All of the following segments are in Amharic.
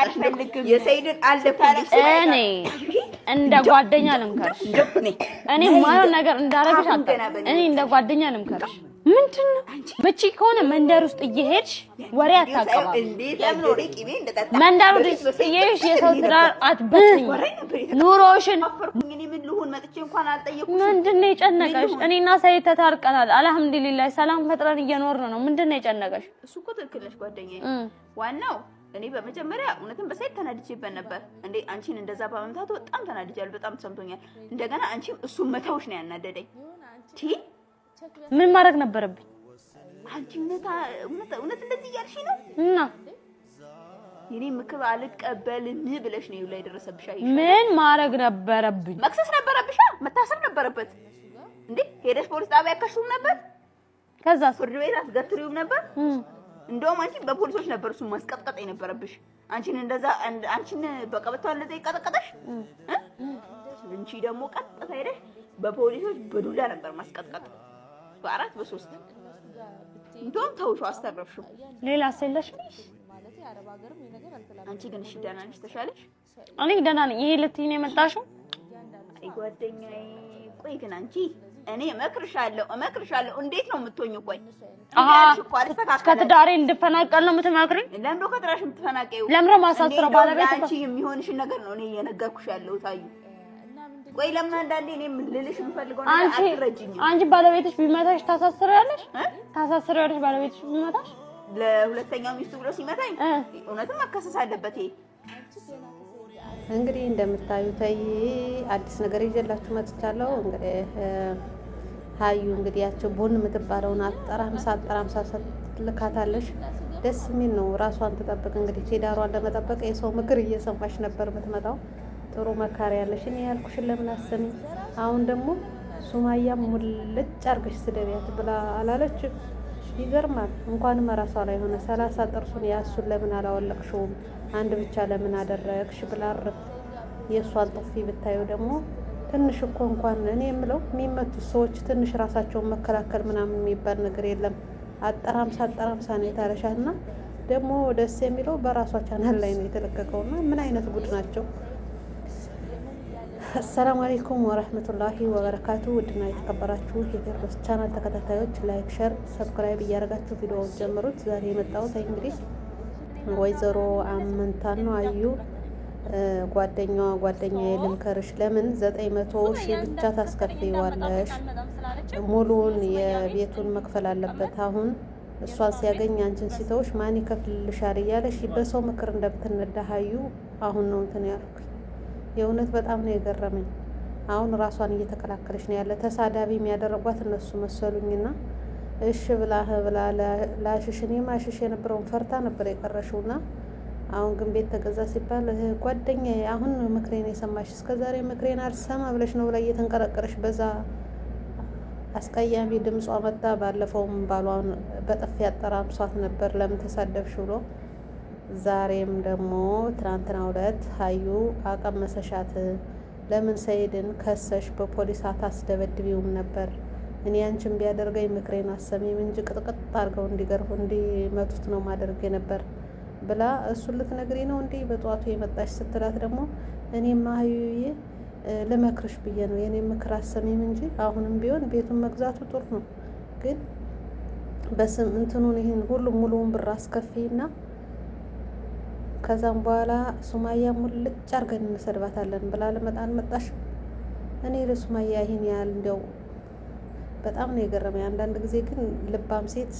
አልፈልግም። የሰይድን እኔ እንደ ጓደኛ ልምከርሽ። እኔ የማየውን ነገር እንዳረግሽ እኔ እንደ ጓደኛ ልምከርሽ። ምንድን ነው ከሆነ መንደር ውስጥ እየሄድሽ ወሬ አታቀባ። መንደር ውስጥ እየሄድሽ የሰው ትዳር አትበትኝ። ኑሮሽን ምንድን ነው የጨነቀሽ? እኔና ሰይድ ተታርቀናል። አልሐምዱሊላህ ሰላም ፈጥረን እየኖርን ነው። ምንድን ነው የጨነቀሽ? እኔ በመጀመሪያ እውነትን በሳይድ ተናድጄበት ነበር። እንዴ አንቺን እንደዛ በመምታቱ በጣም ተናድጃል። በጣም ተሰምቶኛል። እንደገና አንቺም እሱ መተውሽ ነው ያናደደኝ። ቲ ምን ማድረግ ነበረብኝ? አንቺ እውነት እንደዚህ እያልሽ ነው እና የኔ ምክር አልቀበልም ብለሽ ነው ላይ ደረሰብሻ። ምን ማድረግ ነበረብኝ? መክሰስ ነበረብሻ። መታሰር ነበረበት። እንዴ ሄደሽ ፖሊስ ጣቢያ ከሹም ነበር። ከዛ ፍርድ ቤት አስገትሪውም ነበር እንደውም አንቺ በፖሊሶች ነበር እሱ ማስቀጥቀጥ የነበረብሽ። አንቺን እንደዛ አንቺን በቀበቷ እንደዛ ይቀጠቀጠሽ። አንቺ ደግሞ ቀጥታ ሄደሽ በፖሊሶች በዱላ ነበር ማስቀጥቀጥ፣ በአራት በሶስት እንደውም ተውሽው፣ አስተረፍሽው። ሌላ ሰለሽ አንቺ ግን እሺ፣ ደህና ነሽ? ተሻለሽ? እኔ ደህና ነኝ። ይሄ ልትይ ነው የመጣሽው? አይ ጓደኛዬ፣ ቆይ ግን አንቺ እኔ እመክርሻለሁ እመክርሻለሁ። እንዴት ነው የምትሆኝ? ቆይ ከትዳሬ እንድፈናቀል ነው የምትመክሪኝ? ለምዶ ከትራሽ የምትፈናቀይው ለምዶ ማሳስረ ባለቤት አንቺ የሚሆንሽን ነገር ነው እኔ እየነገርኩሽ ያለው ታዩ። ቆይ ለምን አንዳንዴ እኔ የምልልሽ የምፈልገው አንቺ አንቺ ባለቤትሽ ቢመታሽ ታሳስሪያለሽ? ታሳስሪያለሽ? ባለቤትሽ ቢመታሽ ለሁለተኛው ሚስቱ ብሎ ሲመታኝ እውነትም መከሰስ አለበት ይሄ እንግዲህ እንደምታዩት አዲስ ነገር ይዤላችሁ መጥቻለሁ። እንግዲህ ሀዩ እንግዲህ ያቸው ቦን የምትባለውን አጠራም ሳጠራም ልካታለሽ። ደስ የሚል ነው። ራሷን ትጠብቅ እንግዲህ ቴዳሯን ለመጠበቅ የሰው ምክር እየሰማሽ ነበር የምትመጣው። ጥሩ መካሪ ያለሽ እኔ ያልኩሽን ለምን አሰሚ? አሁን ደግሞ ሱማያ ሙልጭ አርገሽ ስደቢያት ብላ አላለች? ይገርማል። እንኳንም ራሷ ላይ ሆነ ሰላሳ ጥርሱን ያሱን ለምን አላወለቅሽውም? አንድ ብቻ ለምን አደረግሽ ብላ ርፍ የእሷን ጥፊ ብታዩ ደግሞ ትንሽ እኮ እንኳን እኔ የምለው የሚመቱት ሰዎች ትንሽ ራሳቸውን መከላከል ምናምን የሚባል ነገር የለም። አጠራምሳ አጠራምሳ ነው የታረሻት እና ደግሞ ደስ የሚለው በራሷ ቻናል ላይ ነው የተለቀቀው። እና ምን አይነት ጉድ ናቸው? አሰላሙ አሌይኩም ወረህመቱላሂ ወበረካቱ። ውድና የተከበራችሁ የፌርዶስ ቻናል ተከታታዮች ላይክ፣ ሸር፣ ሰብስክራይብ እያደረጋችሁ ቪዲዮውን ጀምሩት። ዛሬ የመጣሁት እንግዲህ ወይዘሮ አመንታ ነው አዩ ጓደኛዋ ጓደኛ የልምከርሽ ለምን ዘጠኝ መቶ ሺህ ብቻ ታስከፍይዋለሽ? ሙሉውን የቤቱን መክፈል አለበት። አሁን እሷን ሲያገኝ አንቺን ሲተውሽ ማን ይከፍልልሻል? እያለሽ በሰው ምክር እንደምትነዳ ሀዩ አሁን ነው እንትን ያልኩኝ። የእውነት በጣም ነው የገረመኝ። አሁን ራሷን እየተከላከለች ነው ያለ። ተሳዳቢ የሚያደረጓት እነሱ መሰሉኝና እሺ ብላህ ብላ ላሽሽ። እኔማ ሽሽ የነበረውን ፈርታ ነበር የቀረሽውና አሁን ግን ቤት ተገዛ ሲባል ጓደኛ አሁን ምክሬን የሰማሽ እስከ ዛሬ ምክሬን አልሰማ ብለሽ ነው ብላ እየተንቀረቀረሽ በዛ አስቀያሚ ድምጿ መጣ። ባለፈውም ባሏን በጥፊ ያጠራምሷት ነበር ለምን ተሳደብሽ ብሎ ዛሬም ደግሞ ትናንትና ሁለት ሀዩ አቀመሰሻት። ለምን ሰይድን ከሰሽ በፖሊስ አታስደበድቢውም ነበር? እኔ አንቺን ቢያደርገኝ ምክሬን አሰሚም እንጂ ቅጥቅጥ አድርገው እንዲገርፉ እንዲመቱት ነው ማደርግ ነበር ብላ እሱን ልትነግሬ ነው እንዴ በጠዋቱ የመጣሽ ስትላት ደግሞ እኔም አህዩዬ ልመክርሽ ብዬ ነው የኔ ምክር አሰሚም እንጂ አሁንም ቢሆን ቤቱን መግዛቱ ጥሩ ነው ግን በስም እንትኑን ይህን ሁሉም ሙሉውን ብር አስከፊና ከዛም በኋላ ሱማያ ሙልጭ አርገን እንሰድባታለን ብላ ልመጣ አልመጣሽ እኔ ለሱማያ ይህን ያህል እንዲያው በጣም ነው የገረመኝ። አንዳንድ ጊዜ ግን ልባም ሴት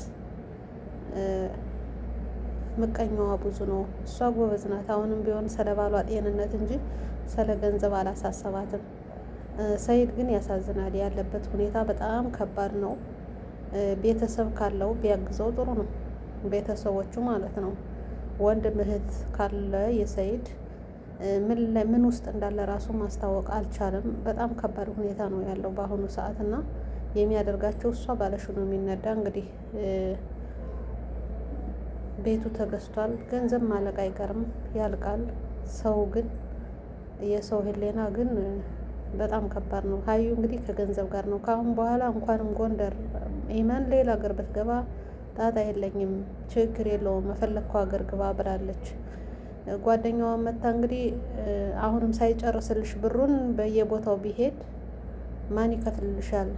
ምቀኛዋ ብዙ ነው። እሷ ጎበዝ ናት። አሁንም ቢሆን ስለ ባሏ ጤንነት እንጂ ስለ ገንዘብ አላሳሰባትም። ሰይድ ግን ያሳዝናል። ያለበት ሁኔታ በጣም ከባድ ነው። ቤተሰብ ካለው ቢያግዘው ጥሩ ነው። ቤተሰቦቹ ማለት ነው። ወንድም እህት ካለ የሰይድ ምን ውስጥ እንዳለ ራሱ ማስታወቅ አልቻለም። በጣም ከባድ ሁኔታ ነው ያለው በአሁኑ ሰዓት እና የሚያደርጋቸው እሷ ባለሽ ነው የሚነዳ እንግዲህ ቤቱ ተገዝቷል። ገንዘብ ማለቅ አይቀርም ያልቃል። ሰው ግን የሰው ህሌና ግን በጣም ከባድ ነው። ሀዩ እንግዲህ ከገንዘብ ጋር ነው። ከአሁን በኋላ እንኳንም ጎንደር ኢመን ሌላ ሀገር ብትገባ ጣጣ የለኝም ችግር የለውም መፈለግከው ሀገር ግባ ብላለች። ጓደኛዋ መታ እንግዲህ አሁንም ሳይጨርስልሽ ብሩን በየቦታው ቢሄድ ማን ይከፍልልሻል?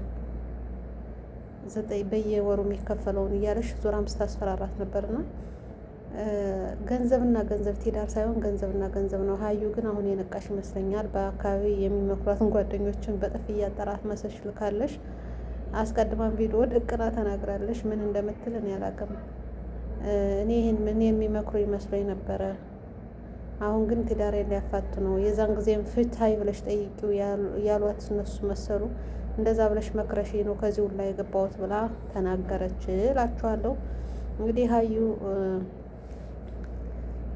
በየወሩ የሚከፈለውን እያለሽ ዞራም ስታስፈራራት ነበርና ገንዘብና ገንዘብ ቴዳር ሳይሆን ገንዘብና ገንዘብ ነው። ሀዩ ግን አሁን የነቃሽ ይመስለኛል። በአካባቢ የሚመክሯትን ጓደኞችን በጥፍ እያጠራት መሰሽ ልካለሽ። አስቀድማን ቪዲዮ እቅና ተናግራለሽ። ምን እንደምትል እኔ አላውቅም። እኔ ይህን ምን የሚመክሩ ይመስለኝ ነበረ። አሁን ግን ትዳሬ ሊያፋት ነው። የዛን ጊዜም ፍትሀይ ብለሽ ጠይቂው ያሏት እነሱ መሰሉ። እንደዛ ብለሽ መክረሽ ነው ከዚህ ሁላ የገባሁት ብላ ተናገረች እላችኋለሁ። እንግዲህ ሀዩ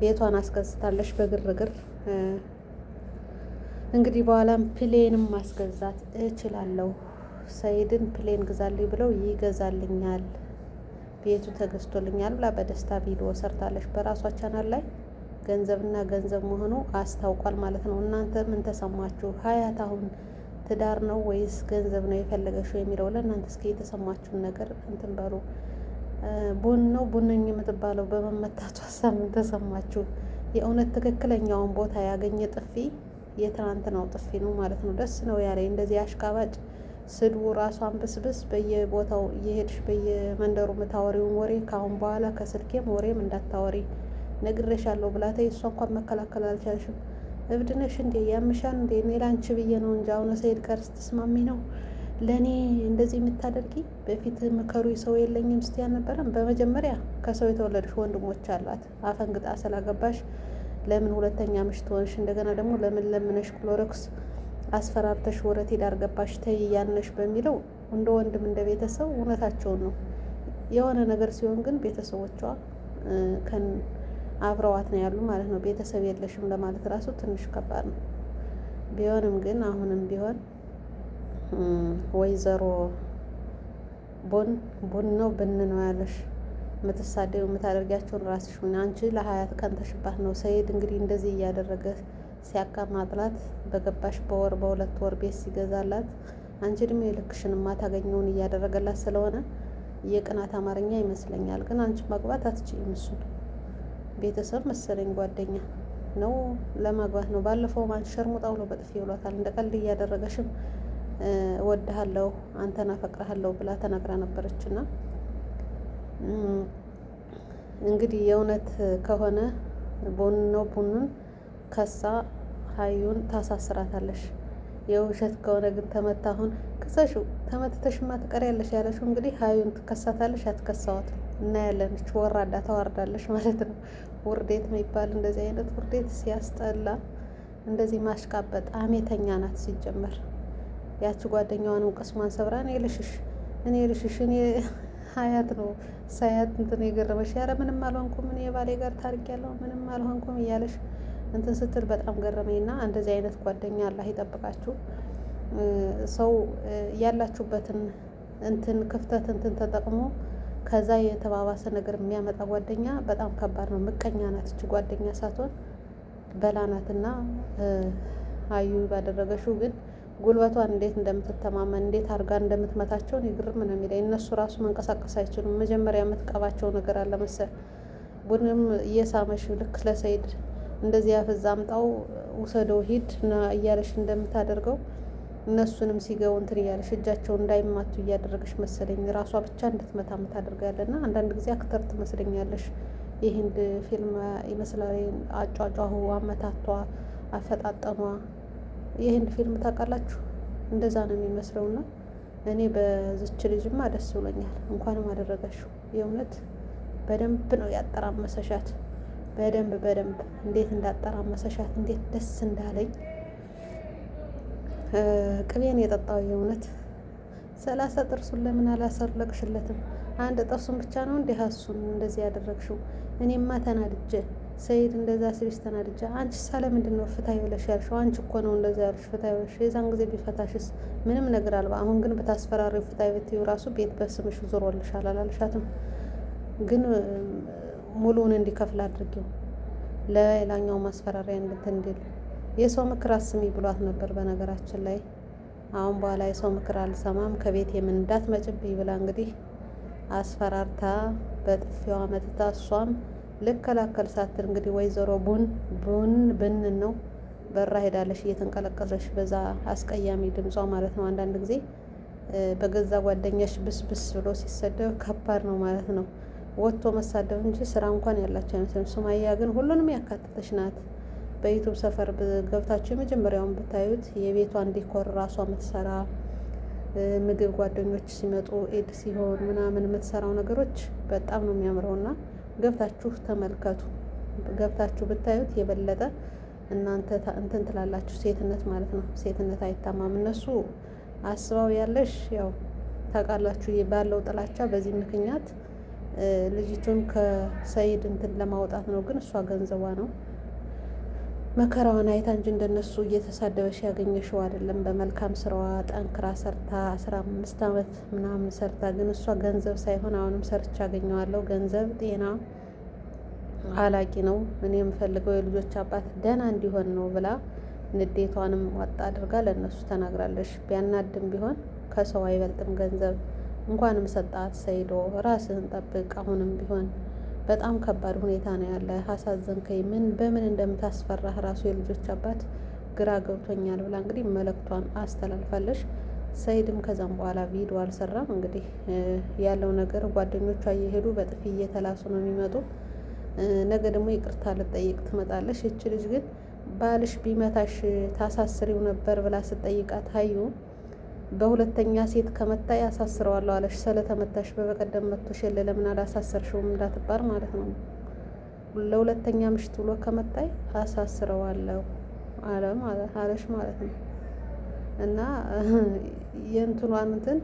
ቤቷን አስገዝታለች በግርግር። እንግዲህ በኋላም ፕሌንም ማስገዛት እችላለሁ፣ ሰይድን ፕሌን ግዛልኝ ብለው ይገዛልኛል፣ ቤቱ ተገዝቶልኛል ብላ በደስታ ቪዲዮ ሰርታለች በራሷ ቻናል ላይ ገንዘብና ገንዘብ መሆኑ አስታውቋል ማለት ነው። እናንተ ምን ተሰማችሁ? ሀያት አሁን ትዳር ነው ወይስ ገንዘብ ነው የፈለገሽው የሚለው ለእናንተ እስኪ የተሰማችሁን ነገር እንትን በሉ። ቡን ነው ቡንኝ የምትባለው በመመታቷ ሳምንት ተሰማችሁ። የእውነት ትክክለኛውን ቦታ ያገኘ ጥፊ የትናንት ነው ጥፊ ነው ማለት ነው። ደስ ነው ያለ እንደዚህ አሽቃባጭ ስድቡ ራሷን ብስብስ በየቦታው እየሄድሽ በየመንደሩ የምታወሪውን ወሬ ካሁን በኋላ ከስልኬም ወሬም እንዳታወሪ ነግሬሻለሁ ብላተ እሷ እንኳን መከላከል አልቻልሽም። እብድነሽ እንዴ ያምሻን እንዴ እኔ ላንቺ ብዬ ነው እንጂ አሁን ሰይድ ጋር ስትስማሚ ነው ለእኔ እንደዚህ የምታደርጊ። በፊት ምከሩ ሰው የለኝም ስትይ አልነበረም? በመጀመሪያ ከሰው የተወለድሽ ወንድሞች አሏት። አፈንግጣ ስላገባሽ ለምን ሁለተኛ ምሽት ሆንሽ? እንደገና ደግሞ ለምን ለምነሽ ክሎሮክስ አስፈራርተሽ ወረት ሄዳ አርገባሽ ተይ በሚለው እንደ ወንድም እንደ ቤተሰብ እውነታቸውን ነው። የሆነ ነገር ሲሆን ግን ቤተሰቦቿ አብረዋት ነው ያሉ ማለት ነው። ቤተሰብ የለሽም ለማለት ራሱ ትንሽ ከባድ ነው። ቢሆንም ግን አሁንም ቢሆን ወይዘሮ ቡን ቡን ነው ብን ነው ያለሽ የምትሳደው የምታደርጊያቸውን ራስሽ ሁን። አንቺ ለሀያት ተሽባት ነው። ሰይድ እንግዲህ እንደዚህ እያደረገ ሲያቃማጥላት በገባሽ በወር በሁለት ወር ቤት ሲገዛላት አንቺ ድሞ የልክሽን ማታገኘውን እያደረገላት ስለሆነ የቅናት አማርኛ ይመስለኛል። ግን አንቺ ማግባት አትችይም እሱን ቤተሰብ መሰለኝ ጓደኛ ነው ለማግባት ነው። ባለፈው ማን ሸርሙጣ ብሎ በጥፊ ብሏታል። እንደ ቀልድ እያደረገሽም እወድሃለሁ፣ አንተን አፈቅርሃለሁ ብላ ተናግራ ነበረች እና እንግዲህ የእውነት ከሆነ ቦንነው ቡኑን ከሳ ሀዩን ታሳስራታለሽ። የውሸት ከሆነ ግን ተመታ አሁን ክሰሽው ተመትተሽማ ትቀሪያለሽ ያለሽው እንግዲህ ሀዩን ትከሳታለሽ፣ አትከሳዋትም እናያለን። እች ወራዳ ተዋርዳለች ማለት ነው። ውርዴት የሚባል እንደዚህ አይነት ውርዴት ሲያስጠላ፣ እንደዚህ ማሽቃበጥ። አሜተኛ ናት ሲጀመር። ያቺ ጓደኛዋን ቅስሟን ሰብራ እኔ ልሽሽ፣ እኔ ልሽሽ፣ እኔ ሀያት ነው ሳያት እንትን የገረመሽ ያረ ምንም አልሆንኩም እኔ የባሌ ጋር ታሪክ ያለው ምንም አልሆንኩም እያለሽ እንትን ስትል በጣም ና እንደዚህ አይነት ጓደኛ አላህ ይጠብቃችሁ። ሰው ያላችሁበትን እንትን ክፍተት እንትን ተጠቅሞ ከዛ የተባባሰ ነገር የሚያመጣ ጓደኛ በጣም ከባድ ነው። ምቀኛ ናት እች ጓደኛ ሳትሆን በላናትና አዩ ባደረገሽው ግን ጉልበቷን እንዴት እንደምትተማመን እንዴት አድርጋ እንደምትመታቸውን ግርም ነው የሚለኝ። እነሱ ራሱ መንቀሳቀስ አይችሉም። መጀመሪያ የምትቀባቸው ነገር አለ መሰል ቡድንም እየሳመሽ ልክ ለሰይድ እንደዚህ ያፈዛምጣው ውሰደው ሂድ እያለሽ እንደምታደርገው እነሱንም ሲገቡ እንትን እያለሽ እጃቸው እንዳይማቱ እያደረገች መሰለኝ ራሷ ብቻ እንድትመታም ታደርጋለና አንዳንድ ጊዜ አክተር ትመስለኛለሽ። የህንድ ፊልም ይመስላል። አጫጫሁ፣ አመታቷ፣ አፈጣጠኗ የህንድ ፊልም ታውቃላችሁ፣ እንደዛ ነው የሚመስለውና እኔ በዝች ልጅማ ደስ ብሎኛል። እንኳንም አደረገሽው። የእውነት በደንብ ነው ያጠራመሰሻት። በደንብ በደንብ እንዴት እንዳጠራመሰሻት እንዴት ደስ እንዳለኝ ቅቤን የጠጣው የእውነት ሰላሳ ጥርሱን ለምን አላሰለቅሽለትም? አንድ ጥርሱን ብቻ ነው እንዲህ እሱን እንደዚህ ያደረግሽው? እኔማ ተናድጄ ሰይድ እንደዛ ሲልሽ ተናድጄ። አንቺ ሳለ ምንድን ነው ፍታ ይበለሽ ያልሽው? አንቺ እኮ ነው እንደዛ ያልሽ ፍታ ይበለሽ። የዛን ጊዜ ቢፈታሽስ ምንም ነገር አልባ። አሁን ግን ብታስፈራሪው ፍታ ይበትዩ ራሱ ቤት በስምሽ ዞሮልሻል አላልሻትም? ግን ሙሉውን እንዲከፍል አድርጊው ለሌላኛው ማስፈራሪያ እንድትንድል የሰው ምክር አስሚ ብሏት ነበር። በነገራችን ላይ አሁን በኋላ የሰው ምክር አልሰማም ከቤት የምንዳት እንዳትመጭብኝ ብላ እንግዲህ አስፈራርታ በጥፊዋ መጥታ እሷም ልከላከል ሳትል እንግዲህ ወይዘሮ ቡን ቡን ብን ነው በራ ሄዳለሽ እየተንቀለቀሰሽ በዛ አስቀያሚ ድምጿ ማለት ነው። አንዳንድ ጊዜ በገዛ ጓደኛሽ ብስብስ ብሎ ሲሰደብ ከባድ ነው ማለት ነው። ወጥቶ መሳደብ እንጂ ስራ እንኳን ያላቸው አይመስልም። ሱማያ ግን ሁሉንም ያካተተች ናት። በዩቱብ ሰፈር ገብታችሁ የመጀመሪያውን ብታዩት የቤቷን ዲኮር ራሷ የምትሰራ ምግብ ጓደኞች ሲመጡ ኤድ ሲሆን ምናምን የምትሰራው ነገሮች በጣም ነው የሚያምረውና ገብታችሁ ተመልከቱ። ገብታችሁ ብታዩት የበለጠ እናንተ እንትን ትላላችሁ። ሴትነት ማለት ነው። ሴትነት አይታማም። እነሱ አስባው ያለሽ ያው ታውቃላችሁ ባለው ጥላቻ በዚህ ምክንያት ልጅቱን ከሰይድ እንትን ለማውጣት ነው። ግን እሷ ገንዘቧ ነው መከራዋን አይታ እንጂ እንደነሱ እየተሳደበሽ ያገኘሽው አይደለም። በመልካም ስራዋ ጠንክራ ሰርታ አስራ አምስት አመት ምናምን ሰርታ ግን እሷ ገንዘብ ሳይሆን አሁንም ሰርች ያገኘዋለሁ። ገንዘብ ጤና አላቂ ነው። እኔ የምፈልገው የልጆች አባት ደህና እንዲሆን ነው ብላ ንዴቷንም ዋጣ አድርጋ ለእነሱ ተናግራለሽ። ቢያናድም ቢሆን ከሰው አይበልጥም ገንዘብ። እንኳንም ሰጣት ሰይዶ፣ ራስህን ጠብቅ አሁንም ቢሆን በጣም ከባድ ሁኔታ ነው ያለ። አሳዘንከኝ፣ ምን በምን እንደምታስፈራህ ራሱ የልጆች አባት ግራ ገብቶኛል ብላ እንግዲህ መልእክቷን አስተላልፋለች። ሰይድም ከዛም በኋላ ቪዲዮ አልሰራም። እንግዲህ ያለው ነገር ጓደኞቿ እየሄዱ በጥፊ እየተላሱ ነው የሚመጡ። ነገ ደግሞ ይቅርታ ልጠይቅ ትመጣለች። እች ልጅ ግን ባልሽ ቢመታሽ ታሳስሪው ነበር ብላ ስጠይቃት ሀዩ በሁለተኛ ሴት ከመታ ያሳስረዋለሁ አለሽ። ስለተመታሽ በበቀደም መቶሽ የለ ለምን አላሳሰርሽውም እንዳትባል ማለት ነው። ለሁለተኛ ምሽት ብሎ ከመታይ አሳስረዋለሁ አለ አለሽ ማለት ነው። እና የእንትኗን እንትን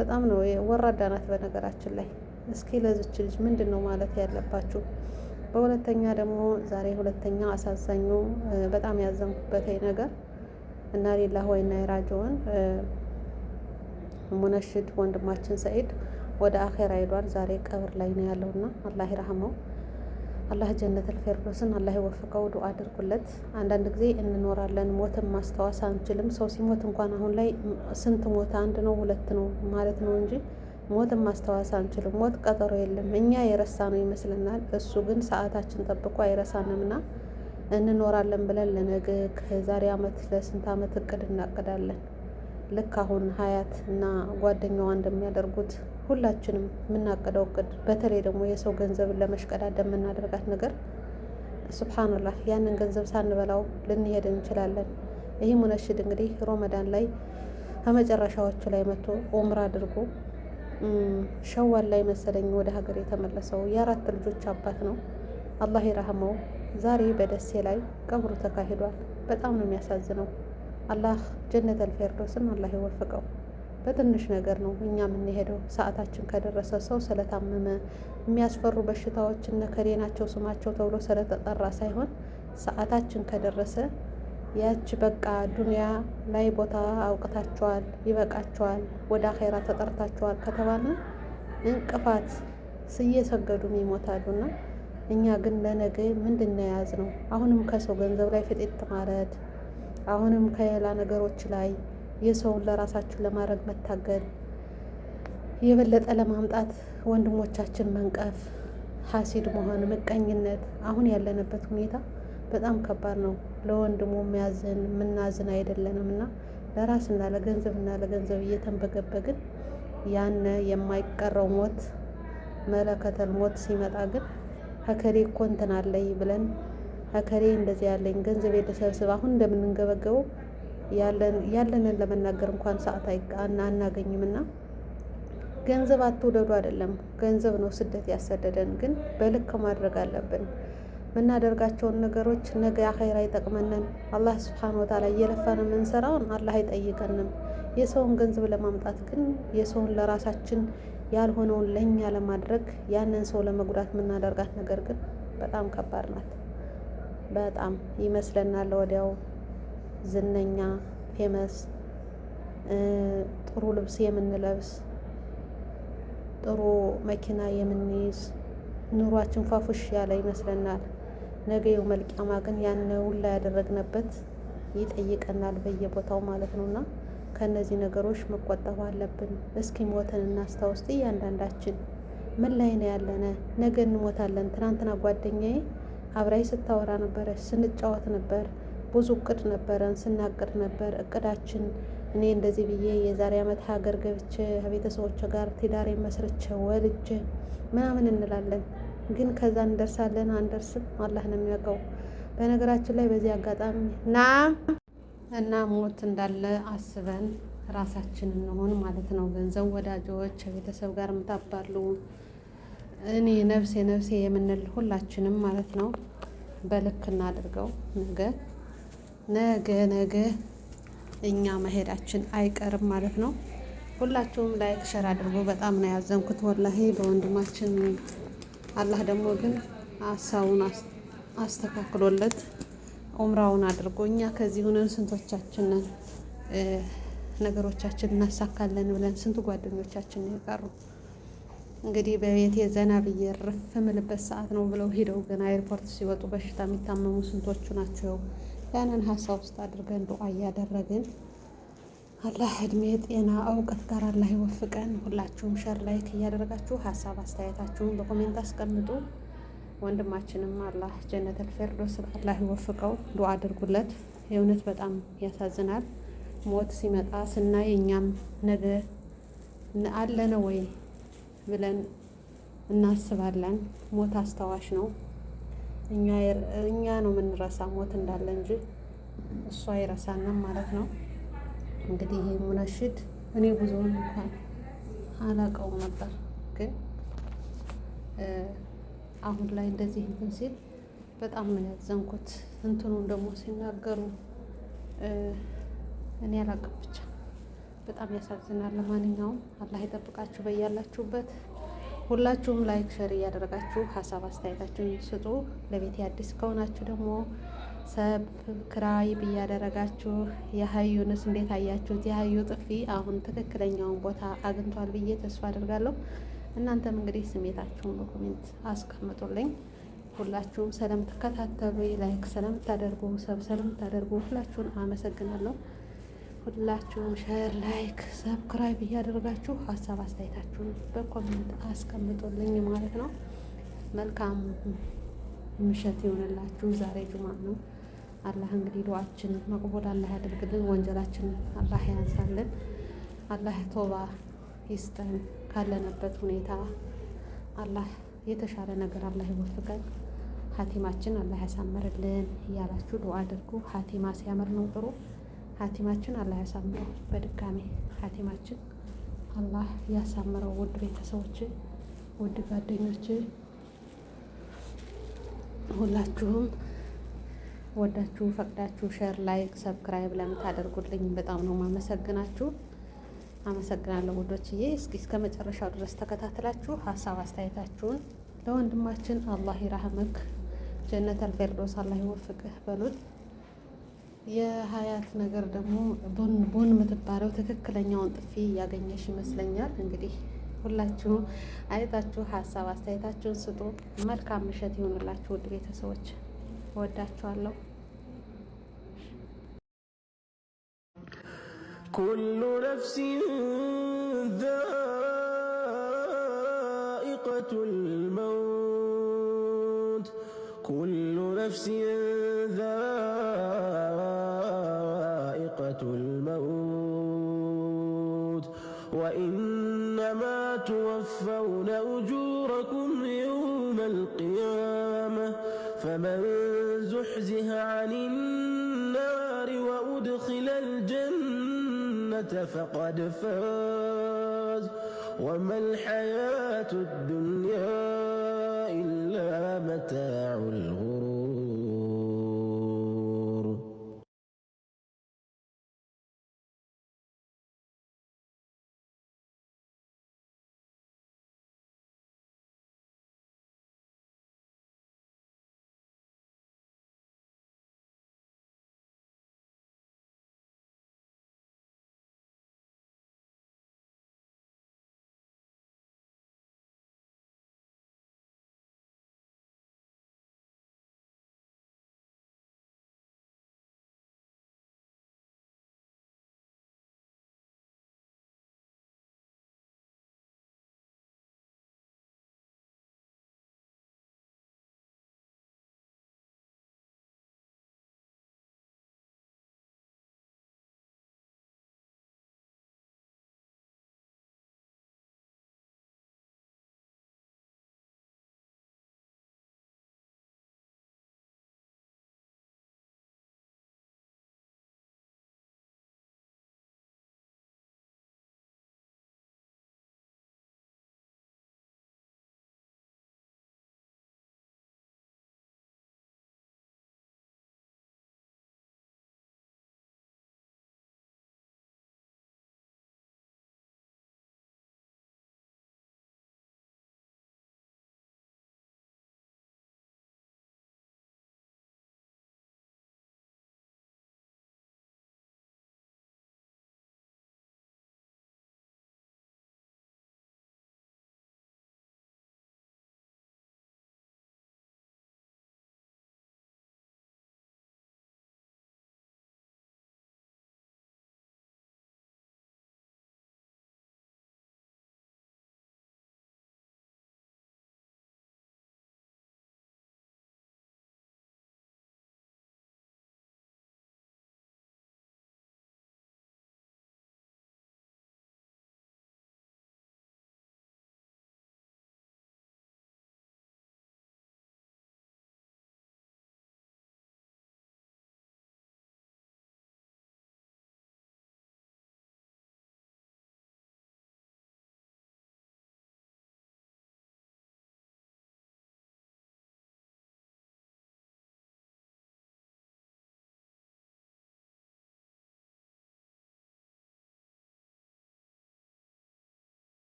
በጣም ነው ወራዳ ናት። በነገራችን ላይ እስኪ ለዝች ልጅ ምንድን ነው ማለት ያለባችሁ? በሁለተኛ ደግሞ ዛሬ ሁለተኛ አሳዛኙ በጣም ያዘንኩበት ነገር እና ሌላህ ወይና የራጀውን ሙነሽድ ወንድማችን ሰኢድ ወደ አኼራ ሄዷል። ዛሬ ቀብር ላይ ነው ያለውና አላህ ይራህመው። አላህ ጀነተል ፊርዶስን አላህ ይወፍቀው። ዱዓ አድርጉለት። አንዳንድ ጊዜ እንኖራለን፣ ሞትን ማስታወስ አንችልም። ሰው ሲሞት እንኳን አሁን ላይ ስንት ሞት አንድ ነው ሁለት ነው ማለት ነው እንጂ ሞትን ማስታወስ አንችልም። ሞት ቀጠሮ የለም። እኛ የረሳ ነው ይመስልናል እሱ ግን ሰዓታችን ጠብቆ አይረሳንምና እንኖራለን ብለን ለነገ ከዛሬ አመት ለስንት አመት እቅድ እናቅዳለን። ልክ አሁን ሀያት እና ጓደኛዋ እንደሚያደርጉት ሁላችንም የምናቅደው እቅድ፣ በተለይ ደግሞ የሰው ገንዘብን ለመሽቀዳ የምናደርጋት ነገር ሱብሓነላህ፣ ያንን ገንዘብ ሳንበላው ልንሄድ እንችላለን። ይህ ሙነሽድ እንግዲህ ሮመዳን ላይ ከመጨረሻዎቹ ላይ መጥቶ ኦምር አድርጎ ሸዋል ላይ መሰለኝ ወደ ሀገር የተመለሰው የአራት ልጆች አባት ነው። አላህ ይረህመው። ዛሬ በደሴ ላይ ቀብሩ ተካሂዷል። በጣም ነው የሚያሳዝነው። አላህ ጀነተል ፌርዶስን አላህ ይወፍቀው። በትንሽ ነገር ነው እኛ የምንሄደው። ሰዓታችን ከደረሰ ሰው ስለታመመ የሚያስፈሩ በሽታዎች እነ ከሌ ናቸው ስማቸው ተብሎ ስለተጠራ ሳይሆን ሰዓታችን ከደረሰ ያች በቃ ዱንያ ላይ ቦታ አውቅታችኋል፣ ይበቃችኋል፣ ወደ አኼራ ተጠርታችኋል ከተባለ እንቅፋት ስየሰገዱም ይሞታሉና እኛ ግን ለነገ ምንድን ነው የያዝነው? አሁንም ከሰው ገንዘብ ላይ ፍጤት ማለት አሁንም ከሌላ ነገሮች ላይ የሰውን ለራሳችሁ ለማድረግ መታገል የበለጠ ለማምጣት ወንድሞቻችን መንቀፍ፣ ሀሲድ መሆን፣ ምቀኝነት አሁን ያለንበት ሁኔታ በጣም ከባድ ነው። ለወንድሙ የሚያዝን የምናዝን አይደለንም እና ለራስና ለገንዘብና ለገንዘብ እየተንበገበግን ያነ የማይቀረው ሞት መለከተል ሞት ሲመጣ ግን ሀከሬ እኮ እንትን አለኝ ብለን ሀከሬ እንደዚህ ያለኝ ገንዘብ የተሰብስብ አሁን እንደምንንገበገበው ያለንን ለመናገር እንኳን ሰዓት አናገኝም እና ገንዘብ አትውደዱ አይደለም ገንዘብ ነው ስደት ያሰደደን ግን በልክ ማድረግ አለብን የምናደርጋቸውን ነገሮች ነገ አኸይር አይጠቅመንን አላህ ስብሓን ወታላ እየለፋን የምንሰራውን አላህ አይጠይቀንም የሰውን ገንዘብ ለማምጣት ግን የሰውን ለራሳችን ያልሆነውን ለእኛ ለማድረግ ያንን ሰው ለመጉዳት የምናደርጋት ነገር ግን በጣም ከባድ ናት። በጣም ይመስለናል ወዲያው ዝነኛ፣ ፌመስ፣ ጥሩ ልብስ የምንለብስ፣ ጥሩ መኪና የምንይዝ፣ ኑሯችን ፏፉሽ ያለ ይመስለናል። ነገ መልቅያማ ግን ያን ሁላ ያደረግንበት ይጠይቀናል በየቦታው ማለት ነውና ከእነዚህ ነገሮች መቆጠብ አለብን። እስኪ ሞትን እናስታውስ እያንዳንዳችን ምን ላይ ነው ያለነ? ነገ እንሞታለን። ትናንትና ጓደኛዬ አብራይ ስታወራ ነበረ፣ ስንጫወት ነበር፣ ብዙ እቅድ ነበረን፣ ስናቅድ ነበር እቅዳችን እኔ እንደዚህ ብዬ የዛሬ ዓመት ሀገር ገብቼ ከቤተሰቦች ጋር ትዳሬ መስርቼ ወልጄ ምናምን እንላለን። ግን ከዛ እንደርሳለን አንደርስም፣ አላህ ነው የሚያውቀው። በነገራችን ላይ በዚህ አጋጣሚ ና እና ሞት እንዳለ አስበን ራሳችን እንሆን ማለት ነው። ገንዘብ ወዳጆች፣ ከቤተሰብ ጋር ምታባሉ እኔ ነፍሴ ነፍሴ የምንል ሁላችንም ማለት ነው። በልክ እናድርገው። ነገ ነገ ነገ እኛ መሄዳችን አይቀርም ማለት ነው። ሁላችሁም ላይክ ሸር አድርጎ በጣም ነው ያዘንኩት ወላሂ በወንድማችን አላህ ደግሞ ግን ሀሳቡን አስተካክሎለት ኡምራውን አድርጎ እኛ ከዚህ ሆነን ስንቶቻችንን ነገሮቻችን እናሳካለን ብለን ስንት ጓደኞቻችን የቀሩ እንግዲህ በቤት የዘና ብዬ ምልበት ሰዓት ነው ብለው ሂደው ግን ኤርፖርት ሲወጡ በሽታ የሚታመሙ ስንቶቹ ናቸው። ያንን ሀሳብ ውስጥ አድርገን ዱዓ እያደረግን አላህ እድሜ፣ ጤና፣ እውቀት ጋር አላህ ይወፍቀን። ሁላችሁም ሸር ላይክ እያደረጋችሁ ሀሳብ አስተያየታችሁን በኮሜንት አስቀምጡ። ወንድማችንም አላህ ጀነት ፊርዶስ አላህ ይወፍቀው። ዱ አድርጉለት። የእውነት በጣም ያሳዝናል። ሞት ሲመጣ ስናይ እኛም ነገ አለነ ወይ ብለን እናስባለን። ሞት አስታዋሽ ነው። እኛ ነው የምንረሳ ሞት እንዳለ እንጂ እሱ አይረሳንም ማለት ነው። እንግዲህ ሙነሽድ እኔ ብዙም እንኳን አላውቀውም ነበር ግን አሁን ላይ እንደዚህ እንትን ሲል በጣም ነው ያዘንኩት። እንትኑን ደግሞ ሲናገሩ እኔ አላቅም ብቻ በጣም ያሳዝናል። ለማንኛውም አላህ ይጠብቃችሁ በያላችሁበት። ሁላችሁም ላይክ፣ ሸር እያደረጋችሁ ሀሳብ አስተያየታችሁን ስጡ። ለቤት አዲስ ከሆናችሁ ደግሞ ሰብስክራይብ እያደረጋችሁ የሀዩንስ እንዴት አያችሁት? የሀዩ ጥፊ አሁን ትክክለኛውን ቦታ አግኝቷል ብዬ ተስፋ አድርጋለሁ። እናንተም እንግዲህ ስሜታችሁን በኮሜንት አስቀምጡልኝ። ሁላችሁም ስለምትከታተሉ ላይክ ስለምታደርጉ ሰብ ስለምታደርጉ ሁላችሁን አመሰግናለሁ። ሁላችሁም ሸር ላይክ፣ ሰብስክራይብ እያደረጋችሁ ሀሳብ አስተያየታችሁን በኮሜንት አስቀምጡልኝ ማለት ነው። መልካም ምሽት ይሆንላችሁ። ዛሬ ጁማ ነው። አላህ እንግዲህ ዱዓችን መቅቡል አላህ ያደርግልን፣ ወንጀላችን አላህ ያንሳልን። አላህ ቶባ ይስጠን። ካለንበት ሁኔታ አላህ የተሻለ ነገር አላህ ይወፍቀን፣ ሀቲማችን አላህ ያሳምርልን እያላችሁ ዱዓ አድርጉ። ሀቲማ ሲያምር ነው ጥሩ። ሀቲማችን አላህ ያሳምረው። በድጋሜ ሀቲማችን አላህ ያሳምረው። ውድ ቤተሰቦች፣ ውድ ጓደኞች፣ ሁላችሁም ወዳችሁ ፈቅዳችሁ ሸር ላይክ፣ ሰብስክራይብ ለምታደርጉልኝ በጣም ነው ማመሰግናችሁ። አመሰግናለሁ ውዶችዬ። እስኪ እስከ መጨረሻው ድረስ ተከታትላችሁ ሀሳብ አስተያየታችሁን ለወንድማችን አላህ ይራህምክ ጀነተል ፊርዶስ አላህ ይወፍቅህ በሉት። የሀያት ነገር ደግሞ ቡን ቡን የምትባለው ትክክለኛውን ጥፊ ያገኘሽ ይመስለኛል። እንግዲህ ሁላችሁ አይታችሁ ሀሳብ አስተያየታችሁን ስጡ። መልካም ምሽት ይሆንላችሁ ውድ ቤተሰቦች፣ እወዳችኋለሁ። كل نفس ذائقة الموت كل نفس ذائقة الموت وإنما توفون أجوركم يوم القيامة فمن زحزح عن النار مات فقد فاز وما الحياة الدنيا